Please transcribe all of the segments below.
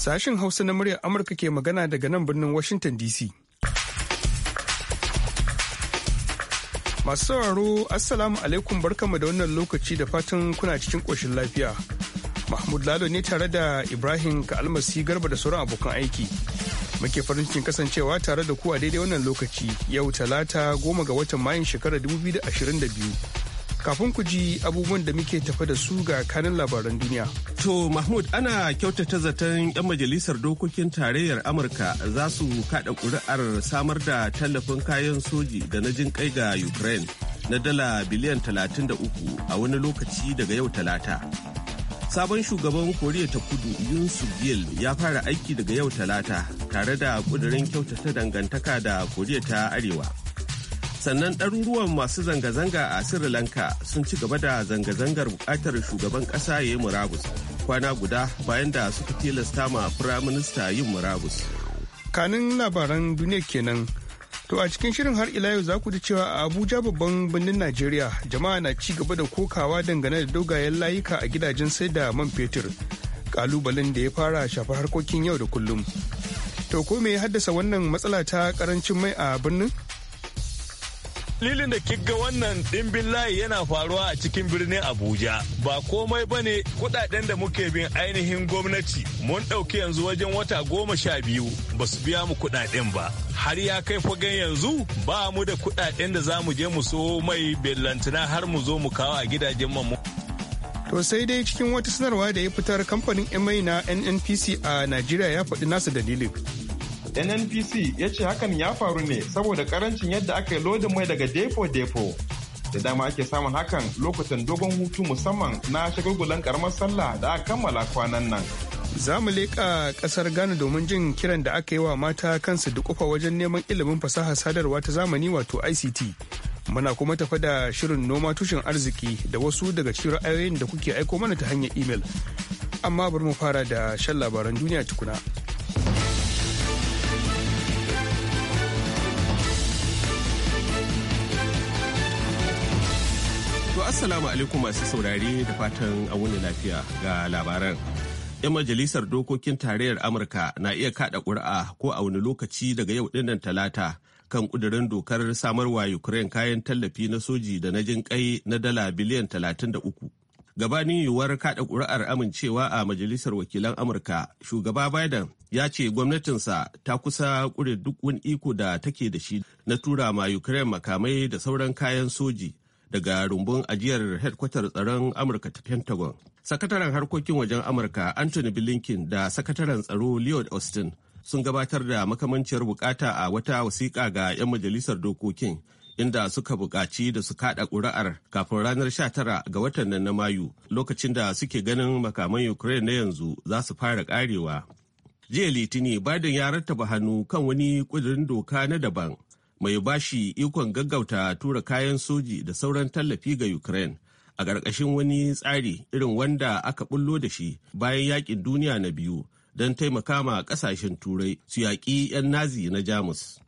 Sashen Hausa na muryar Amurka ke magana daga nan birnin Washington DC. Masu sauraro, Assalamu alaikum barkamu da wannan lokaci da fatan kuna cikin ƙoshin lafiya. Mahmud Lalo ne tare da Ibrahim ka almasi Garba da sauran abokan aiki. Muke farin cikin kasancewa tare da ku a daidai wannan lokaci yau talata goma ga watan Mayun shekarar 2022. kafin ku ji abubuwan da muke tafa da su ga kanin labaran duniya. To Mahmud ana kyautata zaton 'yan majalisar dokokin tarayyar Amurka za su kada kuri'ar samar da tallafin kayan soji da na jin kai ga Ukraine na dala biliyan 33 a wani lokaci daga yau talata. Sabon shugaban Koriya ta kudu Yun Gil ya fara aiki daga yau talata tare da kudurin kyautata dangantaka da Koriya ta Arewa. sannan ɗaruruwan masu zanga-zanga a sri lanka sun ci gaba da zanga-zangar buƙatar shugaban ƙasa ya yi murabus kwana guda bayan da suka tilasta ma firaminista yin murabus kanin labaran duniya kenan To a cikin shirin har ila yau za ku ji cewa a Abuja babban birnin Najeriya jama'a na ci gaba da kokawa dangane da dogayen layuka a gidajen sai da man fetur. Kalubalen da ya fara shafa harkokin yau da kullum. To ko me ya haddasa wannan matsala ta karancin mai a birnin? dalilin da kigga wannan dimbin layi yana faruwa a cikin birnin Abuja ba komai ba ne da muke bin ainihin gwamnati mun ɗauki yanzu wajen wata goma sha biyu ba su biya mu kuɗaɗen ba. Har ya kai fagen yanzu ba mu da kuɗaɗen da za mu je mu so mai bellantina har mu zo mu kawo a gidajen mu. To sai dai cikin wata sanarwa da ya fitar kamfanin mna na NNPC a Najeriya ya faɗi nasa dalilin. nnpc ya ce hakan ya faru ne saboda karancin yadda aka yi lodin mai daga depo-depo da dama ake samun hakan lokutan dogon hutu musamman na shagulgulan karamar sallah da aka kammala kwanan nan za mu leƙa ƙasar ghana domin jin kiran da aka yi wa mata kansu dukufa wajen neman ilimin fasaha sadarwa ta zamani wato ict muna kuma tafa da shirin noma tushen arziki da wasu daga cikin ra'ayoyin da kuke aiko mana ta hanyar imel amma bari mu fara da shan labaran duniya tukuna. assalamu alaikum masu saurari da fatan a wuni lafiya ga labaran. 'Yan majalisar dokokin tarayyar Amurka na iya kada ƙuri'a ko a wani lokaci daga yau dinnan talata kan ƙudurin dokar samarwa Ukraine kayan tallafi na soji da na jinƙai na dala biliyan talatin 33. Gabanin yiwuwar kada ƙuri'ar amincewa a majalisar wakilan Amurka, shugaba Biden ya ce gwamnatinsa ta kusa ƙure duk wani iko da take da shi na tura ma Ukraine makamai da sauran kayan soji daga rumbun ajiyar hedkwatar tsaron amurka ta pentagon sakataren harkokin wajen amurka anthony blinken da sakataren tsaro lloyd austin sun gabatar da makamanciyar bukata a wata wasiƙa ga 'yan majalisar dokokin inda suka buƙaci da su kaɗa ƙuri'ar kafin ranar 19 ga watan nan na mayu lokacin da suke ganin makaman ukraine na yanzu za su fara ƙarewa jiya litini biden ya rattaba hannu kan wani ƙudurin doka na daban mai bashi ikon gaggauta tura kayan soji da sauran tallafi ga Ukraine a ƙarƙashin wani tsari irin wanda aka bullo da shi bayan yakin duniya na biyu don taimaka ma ƙasashen turai su yaƙi 'yan nazi na Jamus.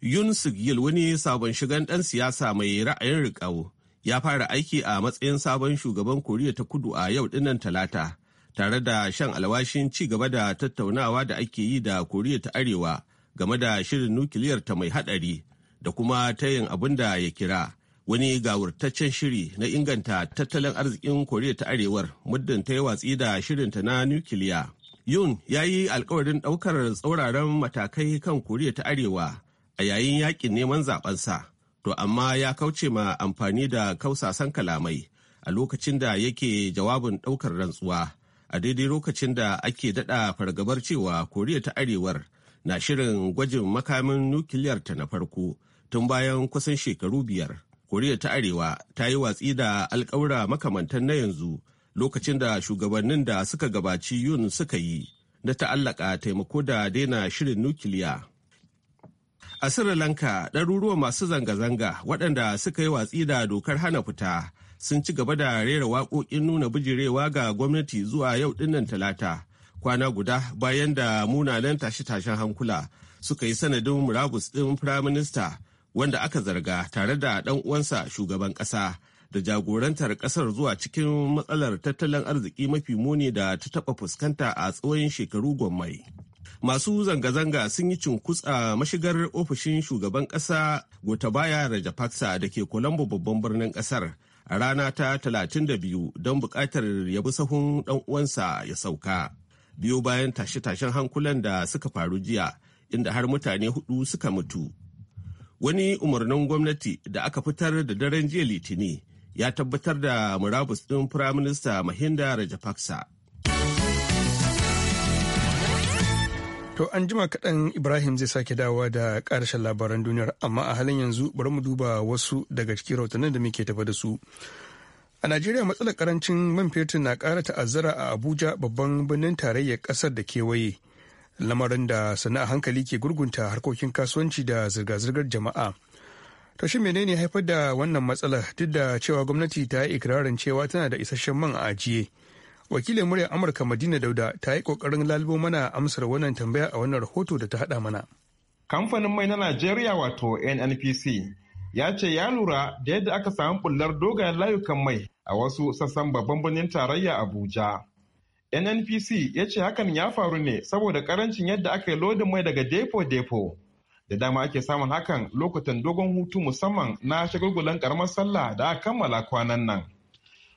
Yun Sigil wani sabon shigan ɗan siyasa mai ra'ayin riƙau ya fara aiki a matsayin sabon shugaban Koriya ta kudu a yau dinnan talata. tare da shan alwashin ci gaba da tattaunawa da ake yi da koriya ta arewa game da shirin nukiliyar ta mai haɗari da kuma tayin abin da ya kira wani gawurtaccen shiri na inganta tattalin arzikin koriya ta arewar muddin ta yi watsi da shirinta na nukiliya yun ya yi alkawarin ɗaukar tsauraran matakai kan koriya ta arewa a yayin yakin neman zabensa to amma ya kauce ma amfani da kausasan kalamai a lokacin da yake jawabin ɗaukar rantsuwa a daidai lokacin da ake daɗa fargabar cewa koriya ta arewar na shirin gwajin makamin nukiliyar ta na farko tun bayan kusan shekaru biyar. Koriya ta Arewa ta yi watsi da alkawura makamantan na yanzu lokacin da shugabannin da suka gabaci yun suka yi na ta'allaka taimako da daina shirin nukiliya. A Sri Lanka, ɗaruruwan masu zanga-zanga waɗanda suka yi watsi da dokar hana fita sun ci gaba da rera waƙoƙin nuna bijirewa ga gwamnati zuwa yau ɗinnan talata kwana guda bayan da munanan tashe-tashen hankula suka yi sanadin murabus ɗin firaminista wanda aka zarga tare da ɗan uwansa shugaban ƙasa da jagorantar ƙasar zuwa cikin matsalar tattalin arziki mafi muni da ta taɓa fuskanta a tsawon shekaru gwammai. Masu zanga-zanga sun yi cunkutsa a mashigar ofishin shugaban ƙasa Gotabaya Rajapaksa da ke Colombo babban birnin ƙasar a rana ta 32 don buƙatar ya bi sahun ɗan uwansa ya sauka. biyo bayan tashe-tashen hankulan da suka faru jiya inda har mutane hudu suka mutu. Wani umarnin gwamnati da aka fitar da daren jiya litini ya tabbatar da murabus ɗin Firaminista Mahinda Rajapaksa. To an jima kaɗan Ibrahim zai sake dawowa da ƙarshen labaran duniyar amma a halin yanzu bari mu duba wasu daga cikin rahotannin da muke tafa da su. A Najeriya matsalar karancin man fetur na ƙara ta'azzara a Abuja babban birnin tarayyar ƙasar da kewaye. Lamarin da sana'a hankali ke gurgunta harkokin kasuwanci da zirga-zirgar jama'a. To shi menene haifar da wannan matsalar duk da cewa gwamnati ta yi ikirarin cewa tana da isasshen man a ajiye. Wakilin muryar Amurka Madina Dauda ta yi ƙoƙarin lalubo mana amsar wannan tambaya a wannan rahoto da ta haɗa mana. Kamfanin mai na Najeriya wato NNPC ya ce ya lura da yadda aka samu bullar dogayen layukan mai a wasu sassan babban birnin tarayya Abuja. NNPC ya ce hakan ya faru ne saboda karancin yadda aka yi lodin mai daga depo-depo. Da dama ake samun hakan lokutan dogon hutu musamman na shagulgulan karamar sallah da aka kammala kwanan nan.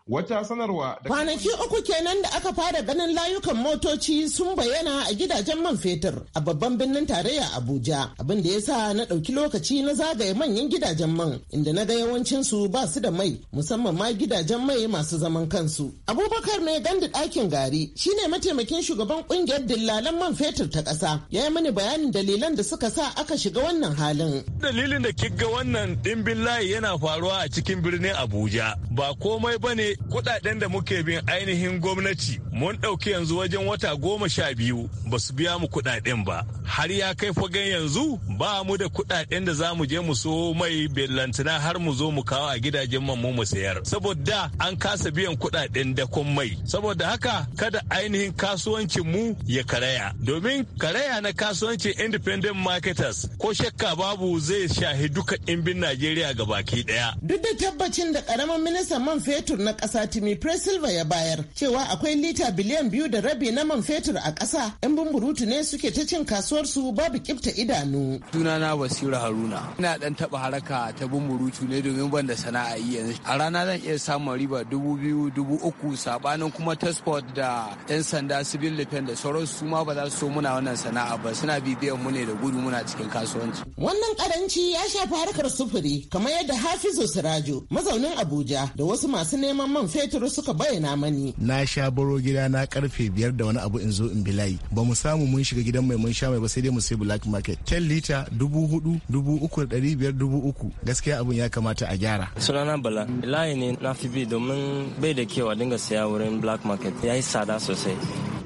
wata sanarwa da kwanaki uku kenan da aka fara ganin layukan motoci sun bayyana a gidajen man fetur a babban birnin tarayya abuja abin da ya sa na ɗauki lokaci na zagaye manyan gidajen man inda na ga yawancin su ba su da mai musamman ma gidajen mai masu zaman kansu abubakar mai gandu ɗakin gari shine mataimakin shugaban ƙungiyar dillalan man fetur ta ƙasa ya yi mini bayanin dalilan da suka sa aka shiga wannan halin dalilin da kika wannan ɗimbin layi yana faruwa a cikin birnin abuja ba komai bane kudaden da muke bin ainihin gwamnati mun ɗauki yanzu wajen wata goma sha biyu ba su biya mu kudaden ba har ya kai fagen yanzu ba mu da kudaden da za mu je mu so mai bellantana har mu zo mu kawo a gidajen mu mu sayar saboda an kasa biyan kudaden dakon mai saboda haka kada ainihin kasuwancin mu ya karaya domin karaya na kasuwancin independent marketers ko shakka babu zai shahi duka inbin najeriya ga baki daya duk da tabbacin da karamin ministan man fetur na kasa Timi Presilva ya bayar cewa akwai lita biliyan biyu da rabi na man fetur a kasa 'yan bumburutu ne suke ta cin kasuwar su babu kifta idanu. Sunana Basira Haruna. Ina ɗan taba haraka ta bumburutu ne domin ban da sana'a yi yanzu. A rana zan iya samun riba dubu biyu dubu uku sabanin kuma tasfot da 'yan sanda civil defense da sauran su ma ba za su so muna wannan sana'a ba suna bibiyan mu ne da gudu muna cikin kasuwanci. Wannan karanci ya shafi harkar sufuri kamar yadda Hafizu Sirajo mazaunin Abuja da wasu masu neman man fetur suka bayyana mani. Na sha baro gida na karfe biyar da wani abu in zo in bilayi. Ba mu samu mun shiga gidan mai mun sha mai ba sai dai mu sai black market. ten lita dubu hudu dubu uku da dari biyar dubu uku. Gaskiya abun ya kamata a gyara. Sunana Bala. Layi ne na fi bi domin bai da kewa dinga saya wurin black market. Ya yi tsada sosai.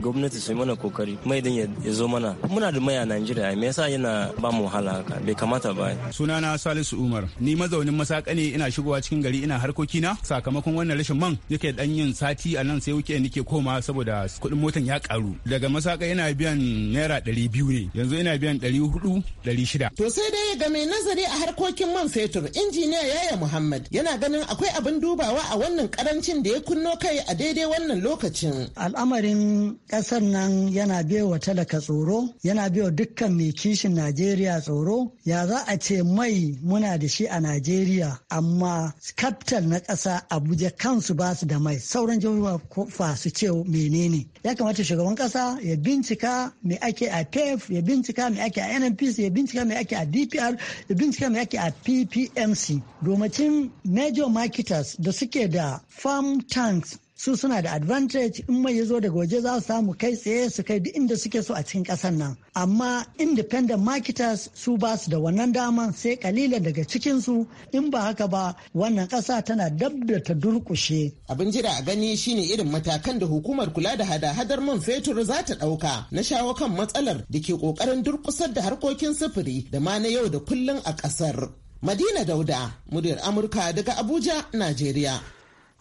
gwamnati su yi mana kokari mai din ya zo mana muna da mai a najeriya me yasa yana ba mu wahala haka bai kamata ba sunana salisu umar ni mazaunin masaka ne ina shigowa cikin gari ina harkokina sakamakon wannan rashin farashin man yake dan yin sati a nan sai wuke ke koma saboda kuɗin motan ya karu daga masaka yana biyan naira ɗari biyu ne yanzu yana biyan ɗari hudu ɗari shida. to sai dai ga mai nazari a harkokin man fetur injiniya yaya muhammad yana ganin akwai abin dubawa a wannan karancin da ya kunno kai a daidai wannan lokacin. al'amarin ƙasar nan yana wa talaka tsoro yana biyo dukkan mai kishin najeriya tsoro ya za a ce mai muna da shi a najeriya amma kaftal na ƙasa abuja kansu su ba su da mai sauran jihohi fa su ce menene ya kamata shugaban kasa ya bincika me ake a pef ya bincika me ake a nnpc ya bincika me ake a dpr ya bincika me ake a ppmc domacin major marketers da suke da farm tanks su suna da advantage in mai ya zo daga waje za su samu kai tsaye su kai duk inda suke so a cikin ƙasar nan amma independent marketers su ba su da wannan dama sai kalilan daga cikin su in ba haka ba wannan kasa tana dab da ta durkushe. abin jira a gani shine irin matakan da hukumar kula da hada-hadar man fetur za ta ɗauka na shawo kan matsalar da ke kokarin durkusar da harkokin sufuri da ma na yau da kullun a ƙasar Madina Dauda, muryar Amurka daga Abuja, nigeria.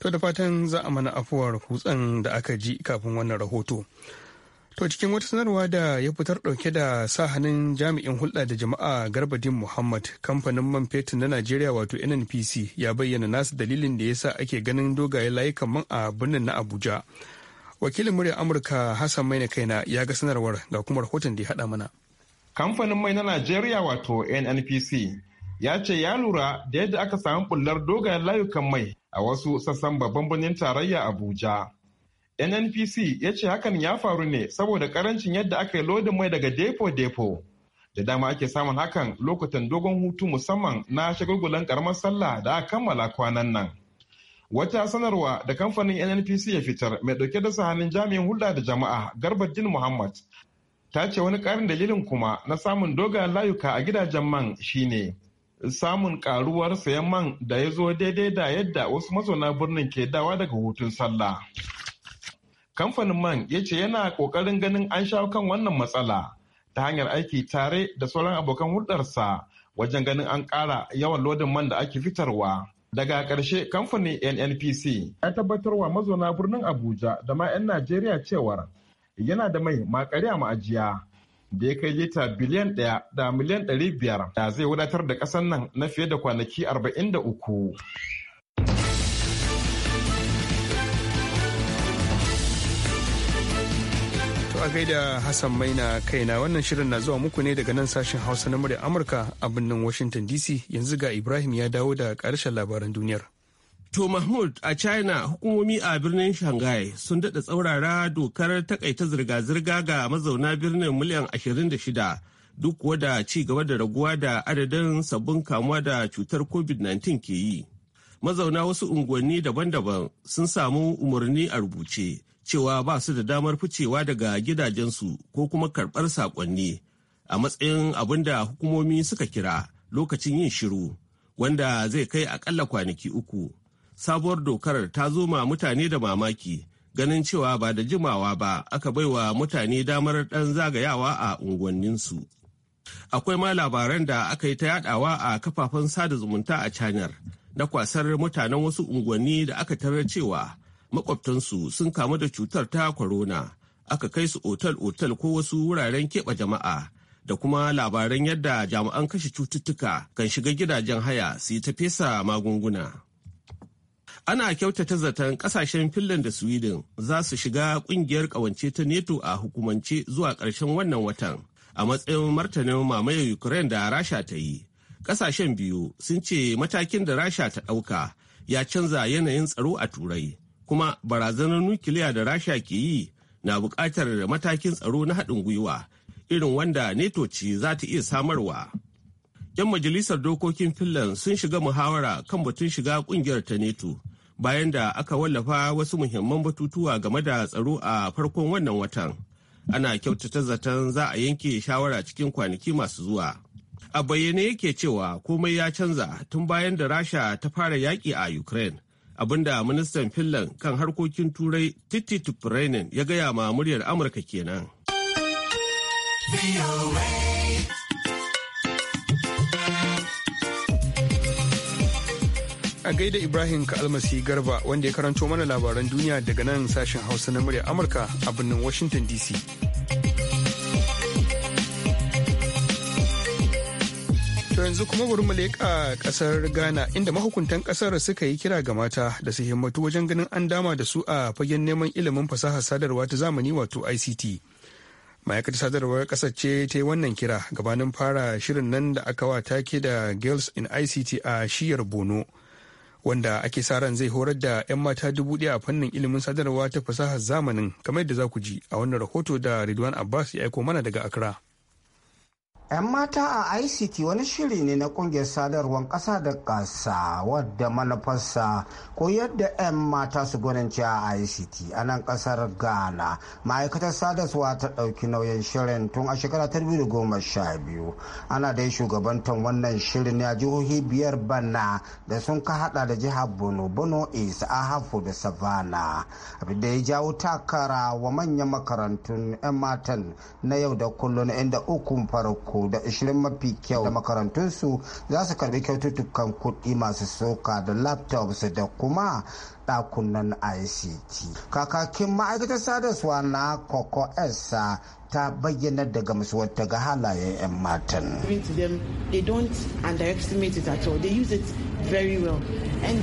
To da fatan za a mana afuwar kutsen da aka ji kafin wannan rahoto. To cikin wata sanarwa da ya fitar dauke da sahanin jami'in hulɗa da jama'a Garbadin Muhammad kamfanin man fetur na Najeriya wato NNPC ya bayyana nasu dalilin da ya sa ake ganin dogaye layukan man a birnin na Abuja. Wakilin muryar Amurka Hassan Maina kaina ya ga sanarwar ga kuma rahoton da ya haɗa mana. Kamfanin mai na Najeriya wato NNPC ya ce ya lura da yadda aka samu bullar dogayen layukan mai a wasu sassan babban birnin tarayya Abuja. NNPC ya ce hakan ya faru ne saboda karancin yadda aka yi lodin mai daga depo-depo. Da dama ake samun hakan lokutan dogon hutu musamman na shagulgulan karamar sallah da aka kammala kwanan nan. Wata sanarwa da kamfanin NNPC ya fitar mai dauke da sahanin jami'in hulɗa da jama'a jin Muhammad ta ce wani ƙarin dalilin kuma na samun dogayen layuka a gidajen man shine samun karuwar sayan man da ya zo daidai da yadda wasu mazauna birnin ke dawa daga hutun sallah. Kamfanin man ya ce yana ƙoƙarin ganin an shawo kan wannan matsala ta hanyar aiki tare da sauran abokan hulɗarsa wajen ganin an ƙara yawan lodin man da ake fitarwa. Daga ƙarshe kamfanin NNPC ya tabbatar wa mazauna birnin Abuja da ma 'yan Najeriya cewar yana da mai makare a ma'ajiya. da ya kai lita biliyan ɗaya da miliyan ɗari biyar da zai wadatar da ƙasar nan na fiye da kwanaki arba'in da uku. a gaida Hassan Maina na wannan shirin na zuwa muku ne daga nan sashen Hausa na murya Amurka a birnin Washington DC yanzu ga Ibrahim ya dawo da karshen labaran duniyar. To Mahmud a China hukumomi a birnin Shanghai sun daɗa tsaurara dokar takaita zirga-zirga ga mazauna birnin miliyan 26 duk kuwa ci gaba da raguwa da adadin sabbin kamuwa da cutar COVID-19 ke yi. Mazauna wasu unguwanni daban-daban sun samu umarni a rubuce cewa ba su da damar ficewa daga gidajensu ko kuma karɓar saƙonni a matsayin abin da hukumomi suka kira lokacin yin shiru wanda zai kai akalla kwanaki uku. sabuwar dokar ta zo ma mutane da mamaki ganin cewa ba da jimawa ba aka baiwa mutane damar ɗan zagayawa a unguwanninsu. Akwai ma labaran da aka yi ta yadawa a kafafen sada zumunta a canar na kwasar mutanen wasu unguwanni da aka tarar cewa makwabtansu sun kamu da cutar ta corona aka kai su otal-otal ko wasu wuraren keɓa jama'a da kuma labaran yadda jami'an kashe cututtuka kan shiga gidajen haya su yi ta fesa magunguna. ana kyautata zaton kasashen finland da sweden za su shiga kungiyar kawance ta neto a hukumance zuwa ƙarshen wannan watan a matsayin martanin mamayar ukraine da rasha ta yi kasashen biyu sun ce matakin da rasha ta ɗauka ya canza yanayin tsaro a turai kuma barazanar nukiliya da rasha ke yi na buƙatar matakin tsaro na haɗin gwiwa irin wanda neto ce za ta iya samarwa 'yan majalisar dokokin finland sun shiga muhawara kan batun shiga ƙungiyar ta neto bayan da aka wallafa wasu muhimman batutuwa game da tsaro a farkon wannan watan ana kyautata zaton za a yanke shawara cikin kwanaki masu zuwa a bayyane yake cewa komai ya canza tun bayan da rasha ta fara yaƙi a ukraine abinda ministan finland kan harkokin turai titi tupurainen ya gaya ma muryar amurka kenan. a gaida Ibrahim Kalmasi Garba wanda ya karanto mana labaran duniya daga nan sashen Hausa na murya Amurka a birnin Washington DC. To yanzu kuma bari mu leƙa ƙasar Ghana inda mahukuntan ƙasar suka yi kira ga mata da su himmatu wajen ganin an dama da su a fagen neman ilimin fasaha sadarwa ta zamani wato ICT. Ma'aikatar sadarwar ƙasar ce ta yi wannan kira gabanin fara shirin nan da aka wa take da Girls in ICT a shiyar Bono. wanda ake sa ran zai horar da 'yan mata dubu ɗaya a fannin ilimin sadarwa ta fasahar zamanin kamar yadda za ku ji a wannan rahoto da Ridwan Abbas ya aiko mana daga Akra. 'Yan mata a ICT wani shiri ne na kungiyar sadarwar ƙasa da ƙasa wadda manufarsa ko yadda 'yan mata su gwaninci a ICT a nan ƙasar Ghana. Ma'aikatar sadarwa ta ɗauki nauyin shirin tun a shekara ta biyu. Ana dai shugabantar wannan shirin ne a jihohi biyar bana da sun ka hada da jihar Bono, Bono East, Ahafo da Savannah. Abin da ya jawo takara wa manyan makarantun 'yan matan na yau da kullum inda ukun farko uku da ishirin mafi kyau da makarantunsu za su karbi kyaututtukan kuɗi masu soka da laptops da kuma ɗakunan ict kakakin ma'aikatar sadarwa na koko esa ta bayyana daga musu ta ga halayen 'yan matan they don't underestimate it at all they use it very well and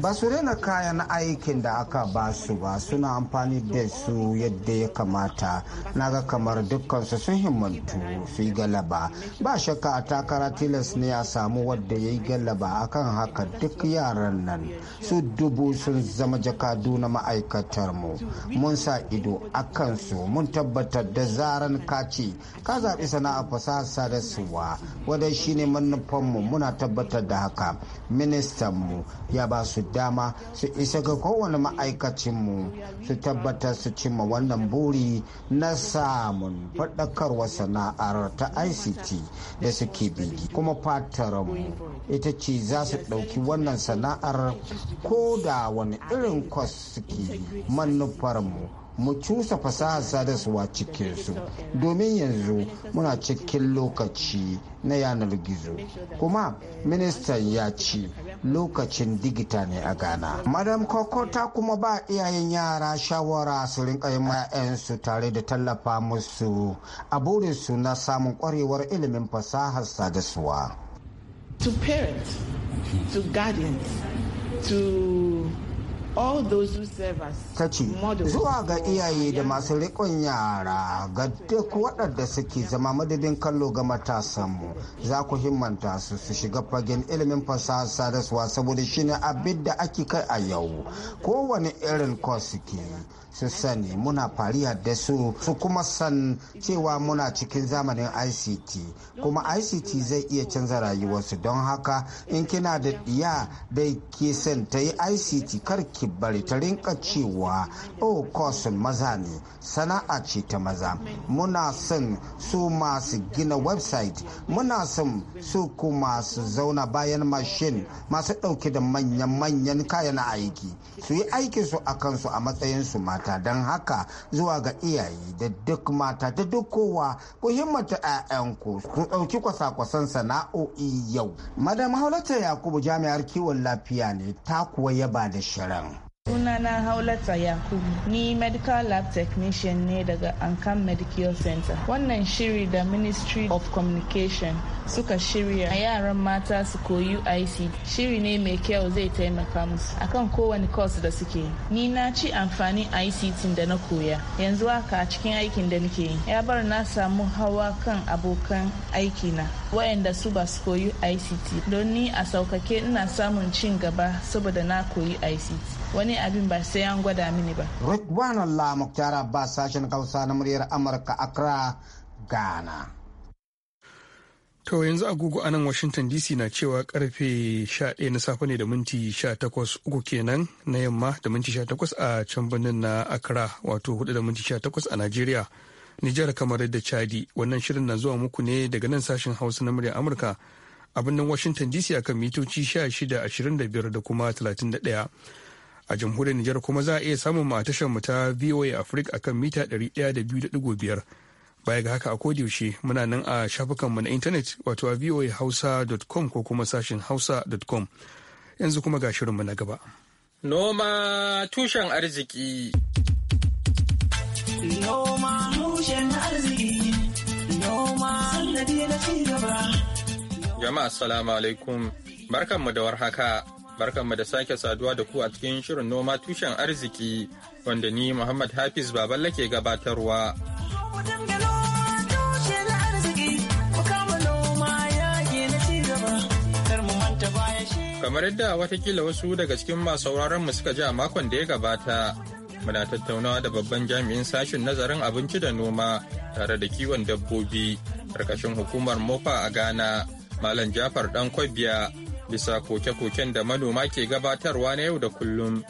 Ba su rena kayan aikin da aka ba su ba suna amfani da su yadda ya kamata. na ga kamar dukkansu sun himmatu su yi galaba. Ba shakka a takara tilas ne a samu wadda ya yi galaba akan haka duk yaran nan. Su dubu sun zama jakadu na ma'aikatar mu. Mun sa ido akan su mun tabbatar da zaran kaci ka zaɓi sana'a fasaha sadarwa. Wadai shine manufanmu muna tabbatar da haka. Mini ministan mu ya ba su dama su isa ga kowane mu su tabbatar su cimma wannan buri na samun faɗakarwa sana'ar ta ict da suke bigi kuma mu ita ce za su ɗauki wannan sana'ar ko da wani irin kwas suke manufarmu mu cusa fasahar sadarwa cikinsu domin yanzu muna cikin lokaci na yanar gizo kuma ministan ya ce lokacin digita ne a ghana madam koko ta kuma ba iyayen yara shawara su rinka yin ma'ayansu tare da tallafa musu a burinsu na samun kwarewar ilimin fasahar sadarwa to parents to guardians to ta ce zuwa ga iyaye da masu rikon yara ga duk waɗanda suke zama madadin kallo ga matasanmu za ku himmanta su su shiga fagen ilimin fasahar sadarwa saboda shine abin da ake kai a yau kowane irin kwas suke sun sani muna fariya da su su kuma san cewa muna cikin zamanin ict kuma ict zai iya canza rayuwarsu don haka in kina da diya da ke son ta yi ict kar ki bari ta rinka cewa oh kosin maza ne sana'a ce ta maza muna son su masu gina website muna son su kuma su zauna bayan mashin masu ɗauke da manyan-manyan kayan aiki su yi aikinsu a kansu a matsayinsu mata mata don haka zuwa ga iyaye da duk mata da duk kowa ku himmata 'ya'yanku ku ɗauki kwasa-kwasan sana'o'i yau madam haulata yakubu jami'ar kiwon lafiya ne ta kuwa yaba da shirin sunana haulata yakubu ni medical lab technician ne daga ankan medical center wannan shiri da ministry of communication suka shirya a yaran mata su koyi ICT. shiri ne mai kyau zai taimaka musu akan kowane course da suke ni na ci amfanin ict da na koya yanzu haka a cikin aikin da nake yi ya bar na samu hawa kan abokan aikina wayanda su ba su koyi ict don ni a saukake ina samun cin gaba saboda na koyi ict wani abin ba sai an gwada mini ba Ridwan Allah Muktar Abbas sashen Hausa na muryar Amurka Accra Ghana To yanzu agogo a nan Washington DC na cewa karfe 11 na safe ne da minti 18 uku kenan na yamma da minti 18 a can birnin na Accra wato 4 da minti 18 a Najeriya. Nijar kamar da Chadi wannan shirin na zuwa muku ne daga nan sashen Hausa na murya Amurka a birnin Washington DC akan mitoci 1625 da kuma 31. a jamhuriyar Nijar kuma za a iya samun a mu ta VOA Africa akan mita 102.5 baya ga haka a yaushe muna nan a shafukan mu na intanet wato a voahausa.com ko kuma sashin hausa.com yanzu kuma ga shirin mu na gaba noma tushen arziki noma tushen arziki noma sannadi na ci gaba jama'a salamu alaikum barkanmu da warhaka Barkanmu da sake saduwa da ku a cikin shirin noma tushen arziki wanda ni Muhammad Hafiz Baballa ke gabatarwa. Kamar yadda watakila wasu daga cikin masu mu suka ji a makon da ya gabata, muna tattaunawa da babban jami'in sashen nazarin abinci da noma tare da kiwon dabbobi, karkashin hukumar mofa a Ghana, Malam Jafar Dankwabiya. bisa koke-koken da manoma ke gabatarwa na yau da kullum.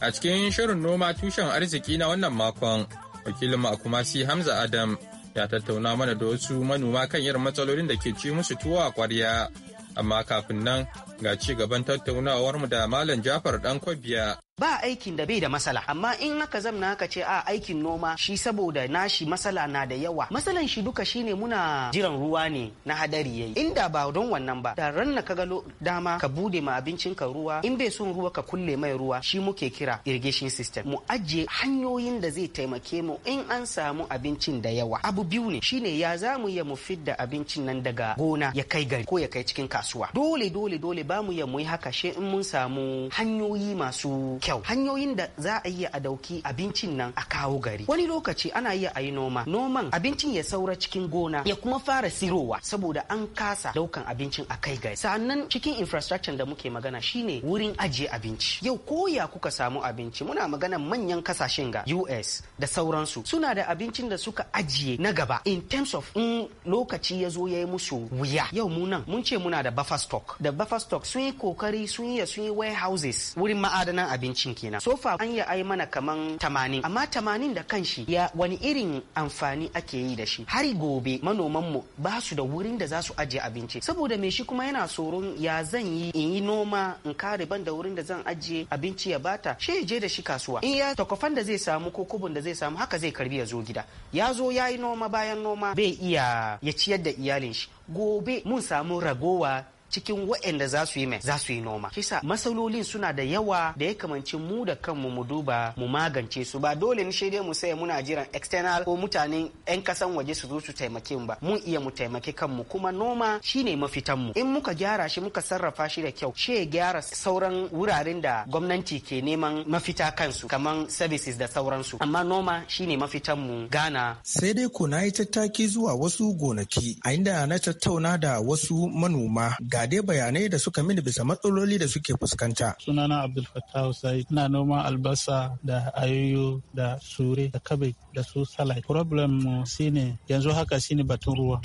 A cikin shirin noma tushen arziki na wannan makon, wakilin Akumasi Hamza Adam ya tattauna mana da wasu manoma kan yin matsalolin da ke ci musu tuwa a kwarya. Amma kafin nan ga ci gaban tattaunawarmu da Malam Jafar Ɗan Kwabiya. ba aikin da bai da masala amma in aka zamna aka ce a aikin noma shi saboda nashi masala na da yawa masalan shi duka shine muna jiran ruwa ne na hadari yayi inda ba don wannan ba da ran na ka galo dama ka bude ma abincin ka ruwa in bai son ruwa ka kulle mai ruwa shi muke kira irrigation system mu ajiye hanyoyin da zai taimake mu in an samu abincin da yawa abu biyu ne shine ya zamu ya mu fidda abincin nan daga gona ya kai gari ko ya kai cikin kasuwa dole dole dole ba mu ya mu yi haka she in mun samu hanyoyi masu kyau hanyoyin da za a iya a dauki abincin nan a kawo gari wani lokaci ana iya a yi noma noman abincin ya saura cikin gona ya kuma fara sirowa saboda an kasa daukan abincin a kai gari sannan cikin infrastructure da muke magana shine wurin ajiye abinci yau koya kuka samu abinci muna magana manyan kasashen ga US da sauransu suna da abincin da suka ajiye na gaba in terms of in lokaci ya zo ya musu wuya yau mu nan mun ce muna da buffer stock da buffer stock sun yi kokari sun yi sun yi warehouses wurin ma'adanan abinci abincin kenan sofa an ya ai mana kaman tamanin amma tamanin da kanshi ya wani irin amfani ake yi da shi har gobe manoman mu ba su da wurin da za su ajiye abinci saboda me shi kuma yana tsoron ya zan yi in yi noma in kare ban da wurin da zan ajiye abinci ya bata shi je da shi kasuwa in ya takwafan da zai samu ko kubun da zai samu haka zai karbi ya zo gida ya zo ya yi noma bayan noma bai iya ya ciyar da iyalin shi gobe mun samu ragowa cikin waɗanda za su yi mai za su yi noma kisa masalolin suna da yawa da ya kamanci mu da kanmu mu duba mu magance su ba dole ni shaidai mu sai muna jiran external ko mutanen yan kasan waje su zo su taimake mu ba mun iya mu taimake kanmu kuma noma shine mafitan mu in muka gyara shi muka sarrafa shi da kyau shi ya gyara sauran wuraren da gwamnati ke neman mafita kansu kamar services da sauransu amma noma shine mafitan mu gana sai dai ko na yi tattaki zuwa wasu gonaki a inda na tattauna da wasu manoma ga ga dai bayanai da suka mini bisa matsaloli da suke fuskanta. Sunana Abdul Fattah Hussain ina noma albasa da ayoyo da sure da kabe da su salad. Problem mu shine yanzu haka shine batun ruwa.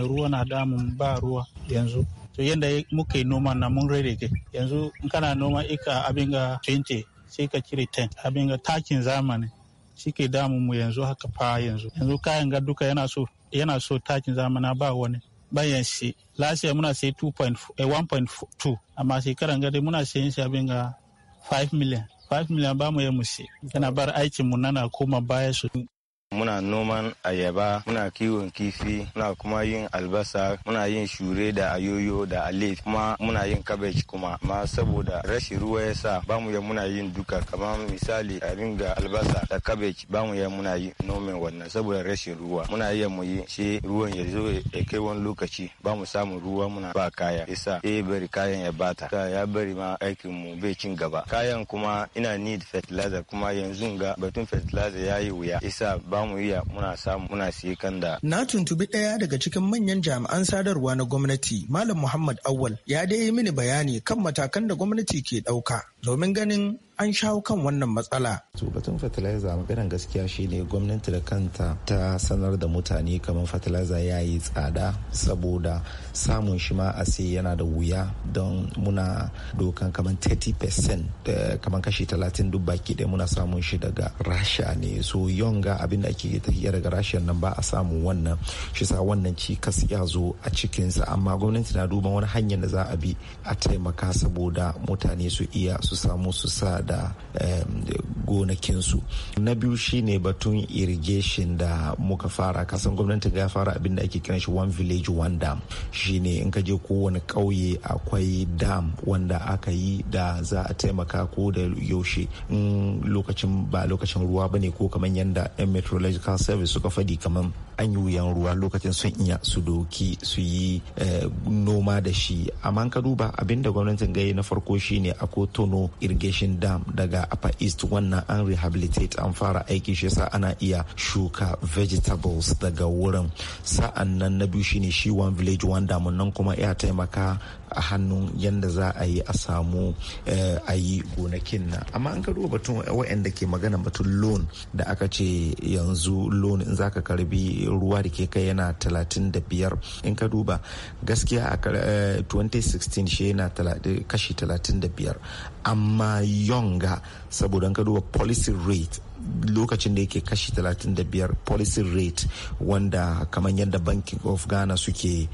Ruwa na damu ba ruwa yanzu. To yanda muke noma na mun rage yanzu in kana noma ika abin ga 20 sai ka cire 10 abin ga takin zamani Shike damu mu yanzu haka fa yanzu yanzu kayan ga duka yana so yana so takin zamana ba wani bayan shi last year muna sai 1.2 eh, amma shekaran gari muna sayin shi abin ga 5 million 5 million ba mu yi mu sai yana bar aikin mu nana koma baya su Muna noman ayaba, muna kiwon kifi, muna kuma yin albasa, muna yin shure da ayoyo da alif kuma muna yin kabeji kuma. Amma saboda rashin ruwa ya sa ba mu ya muna yin duka kamar misali a ringa albasa da kabej ba mu ya muna yi nomin wannan saboda rashin ruwa. Muna iya mu yi shi ruwan ya zo ya kai wani lokaci ba mu samun ruwa muna ba kaya. Isa eh bari kayan ya bata. Ya bari ma aikin mu bai cin gaba. Kayan kuma ina need fertilizer kuma yanzu ga batun fertilizer ya yi wuya. Isa ba ba mu iya muna samu muna siye kan da. Na tuntubi ɗaya daga cikin manyan jami'an sadarwa na gwamnati Malam Muhammad Awal ya dai yi mini bayani kan matakan da gwamnati ke ɗauka domin ganin an shawo kan wannan matsala. Batun fertilizer maganar gaskiya shine gwamnati da kanta ta sanar da mutane kamar fertilizer ya yi tsada saboda samun shi ma a sai yana da wuya don muna dokan kamar 30% eh, kamar kashi 30 duk baki ɗaya muna samun shi daga rasha ne so yonga abin da ake tafiya daga rasha nan ba a samu wannan shi sa wannan cikas ya zo a cikinsa amma gwamnati na duban wani hanyar da za a bi a taimaka saboda mutane su iya su samu su sa da gonakinsu na biyu shine batun irrigation da muka fara kasan gwamnati ya fara abin da ake kiran shi one village one dam shine in ka je kowane kauye akwai dam wanda aka yi da za a taimaka ko da yaushe in lokacin ba lokacin ruwa bane ko kamar yadda yan meteorological service suka fadi kamar an yi wuyan ruwa lokacin sun iya su doki su yi eh, noma da shi amma ka duba abinda gwamnatin gaye na farko shine a tono irrigation dam daga upper east wannan an rehabilitate an fara aiki shi yasa ana iya shuka vegetables daga wurin sa'an nan na biyu shine shi one village one dam nan kuma ya taimaka a hannun yadda za a yi a samu eh, a yi gonakin nan amma an ka duba batun da ke magana batun loan da aka ce yanzu loan in ka karbi ruwa da ke kai yana biyar in ka duba gaskiya a 2016 eh, shi yana kashi 35 amma yonga saboda an ka duba policy rate lokacin da yake kashi 35 policy rate wanda kamar yadda bank of ghana suke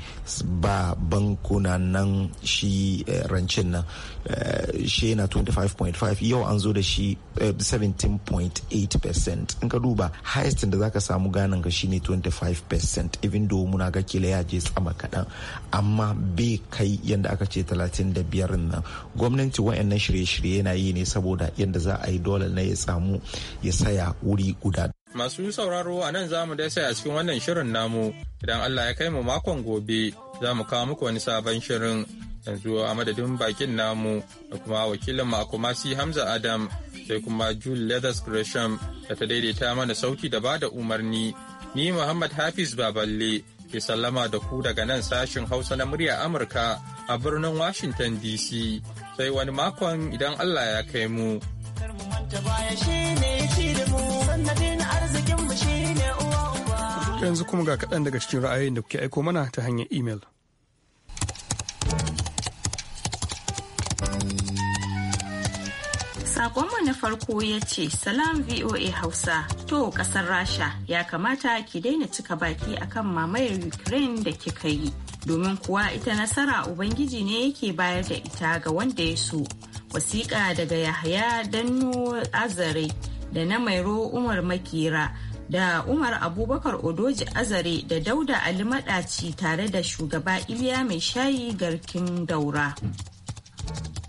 ba bankuna nan shi eh, rancin nan eh, shi na 25.5 yau an zo da shi 17.8% eh, in ka duba highest da zaka samu ganin ka shine 25% even though muna ga kila ya je tsama kaɗan amma bai kai yadda aka ce 35 nan gwamnati wa'annan shirye-shirye yana yi ne saboda yadda za a yi dole na ya samu ya saya wuri guda masu sauraro a nan zamu mu dai sai a cikin wannan shirin namu idan allah ya kai mu makon gobe za mu kawo muku wani sabon shirin yanzu a madadin bakin namu da kuma wakilin makomasi hamza adam sai kuma jul leathers gresham da ta daidaita mana sauki da bada umarni ni muhammad hafiz baballe ke sallama da ku daga nan sashin hausa na murya amurka a birnin washington dc sai wani makon idan allah ya kai mu yanzu kuma ga kaɗan daga cikin ra'ayoyin da kuke aiko mana ta hanyar imel. Sakonmu na farko ya ce salam VOA Hausa to kasar Rasha ya kamata ki daina cika baki akan mamayar Ukraine da kika yi. Domin kuwa ita nasara Ubangiji ne yake bayar da ita ga wanda ya so. Wasiƙa daga Yahaya Dannu Azare da na Mairo Umar Makera da Umar Abubakar Odoji Azare da Dauda Ali Madaci tare da shugaba Iliya Mai Shayi Garkin Daura.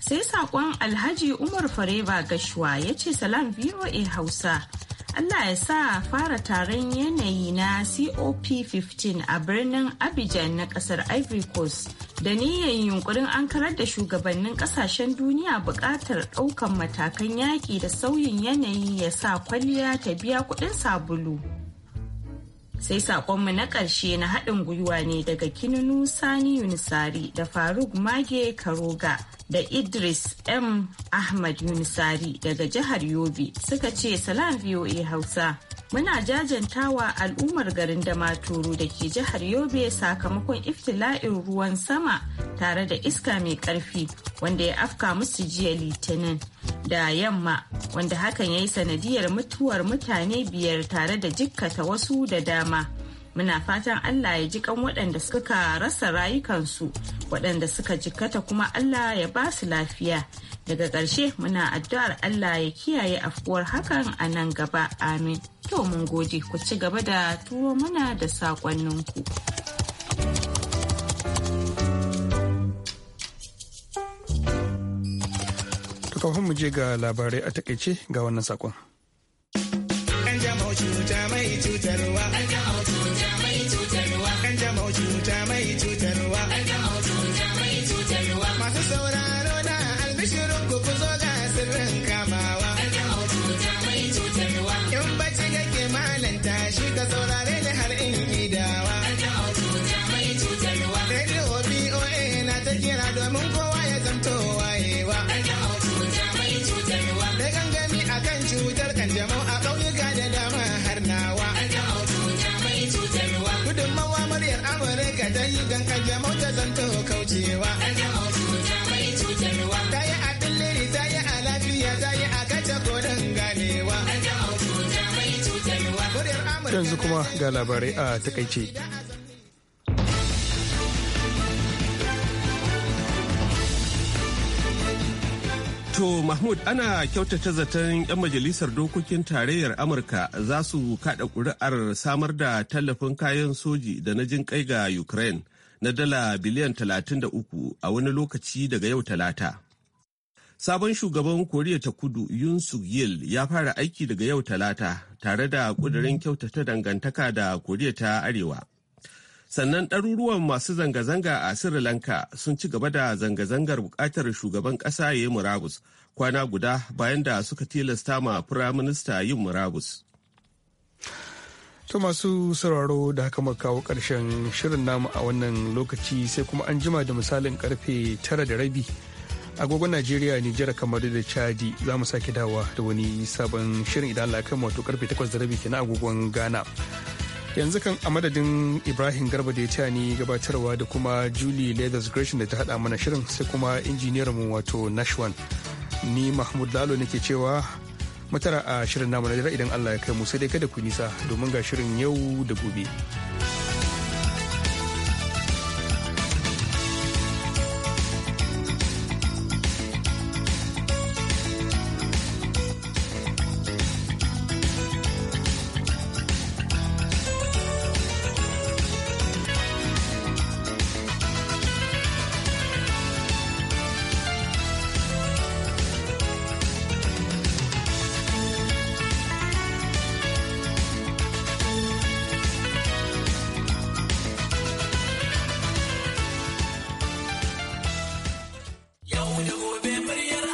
sai saƙon alhaji umar fareba gashuwa ya ce salam voa hausa allah ya sa fara taron yanayi na cop 15 a birnin abidjan na ƙasar ivory coast da niyyar yunkurin an karar da shugabannin ƙasashen duniya buƙatar ɗaukan matakan yaki da sauyin yanayi ya sa kwalliya ta biya kuɗin sabulu sai saƙonmu na ƙarshe na haɗin gwiwa ne daga kinunu sani yunisari da faruk mage karoga da idris m ahmad yunisari daga jihar yobe suka ce salam voa hausa muna jajantawa al'ummar garin da maturu da ke jihar yobe sakamakon iftila'in ruwan sama tare da iska mai karfi wanda ya afka musu jiya litinin da yamma wanda hakan ya yi sanadiyar mutuwar mutane biyar tare da jikkata wasu da dama muna fatan Allah ya ji kan waɗanda suka rasa rayukansu waɗanda suka jikkata kuma Allah ya ba su lafiya daga ƙarshe muna addu'ar Allah ya kiyaye afkuwar hakan a nan gaba amin to mun gode ku ci gaba da turo muna da saƙonninku. kafin mu je ga labarai a takaice ga wannan sakon. An cuta mai cutarwa. damn it. yanzu kuma ga labarai a takaice. To Mahmud ana kyautata zaton 'yan majalisar dokokin tarayyar Amurka za su kada kuri'ar samar da tallafin kayan soji da na jin kai ga Ukraine na dala biliyan 33 a wani lokaci daga yau talata. Sabon shugaban Koriya ta kudu Yun Suk ya fara aiki daga yau talata tare da kudirin kyautata dangantaka da Koriya ta Arewa. Sannan ɗaruruwan masu zanga-zanga a Sri Lanka sun ci gaba da zanga-zangar buƙatar shugaban ƙasa ya yi murabus kwana guda bayan da suka tilasta ma firaminista yin murabus. To masu sauraro da haka muka kawo ƙarshen shirin namu a wannan lokaci sai kuma an jima da misalin karfe tara da rabi. agogon najeriya nijar kamar da chadi za mu sake dawa da wani sabon shirin idan allah kai wato karfe 8 da rabi kenan agogon ghana yanzu kan a madadin ibrahim garba da ya ta ni gabatarwa da kuma julie leathers gresham da ta hada mana shirin sai kuma injiniyar mu wato nashwan ni mahmud lalo nake cewa matara a shirin namu na idan allah ya kai mu sai dai kada ku nisa domin ga shirin yau da gobe.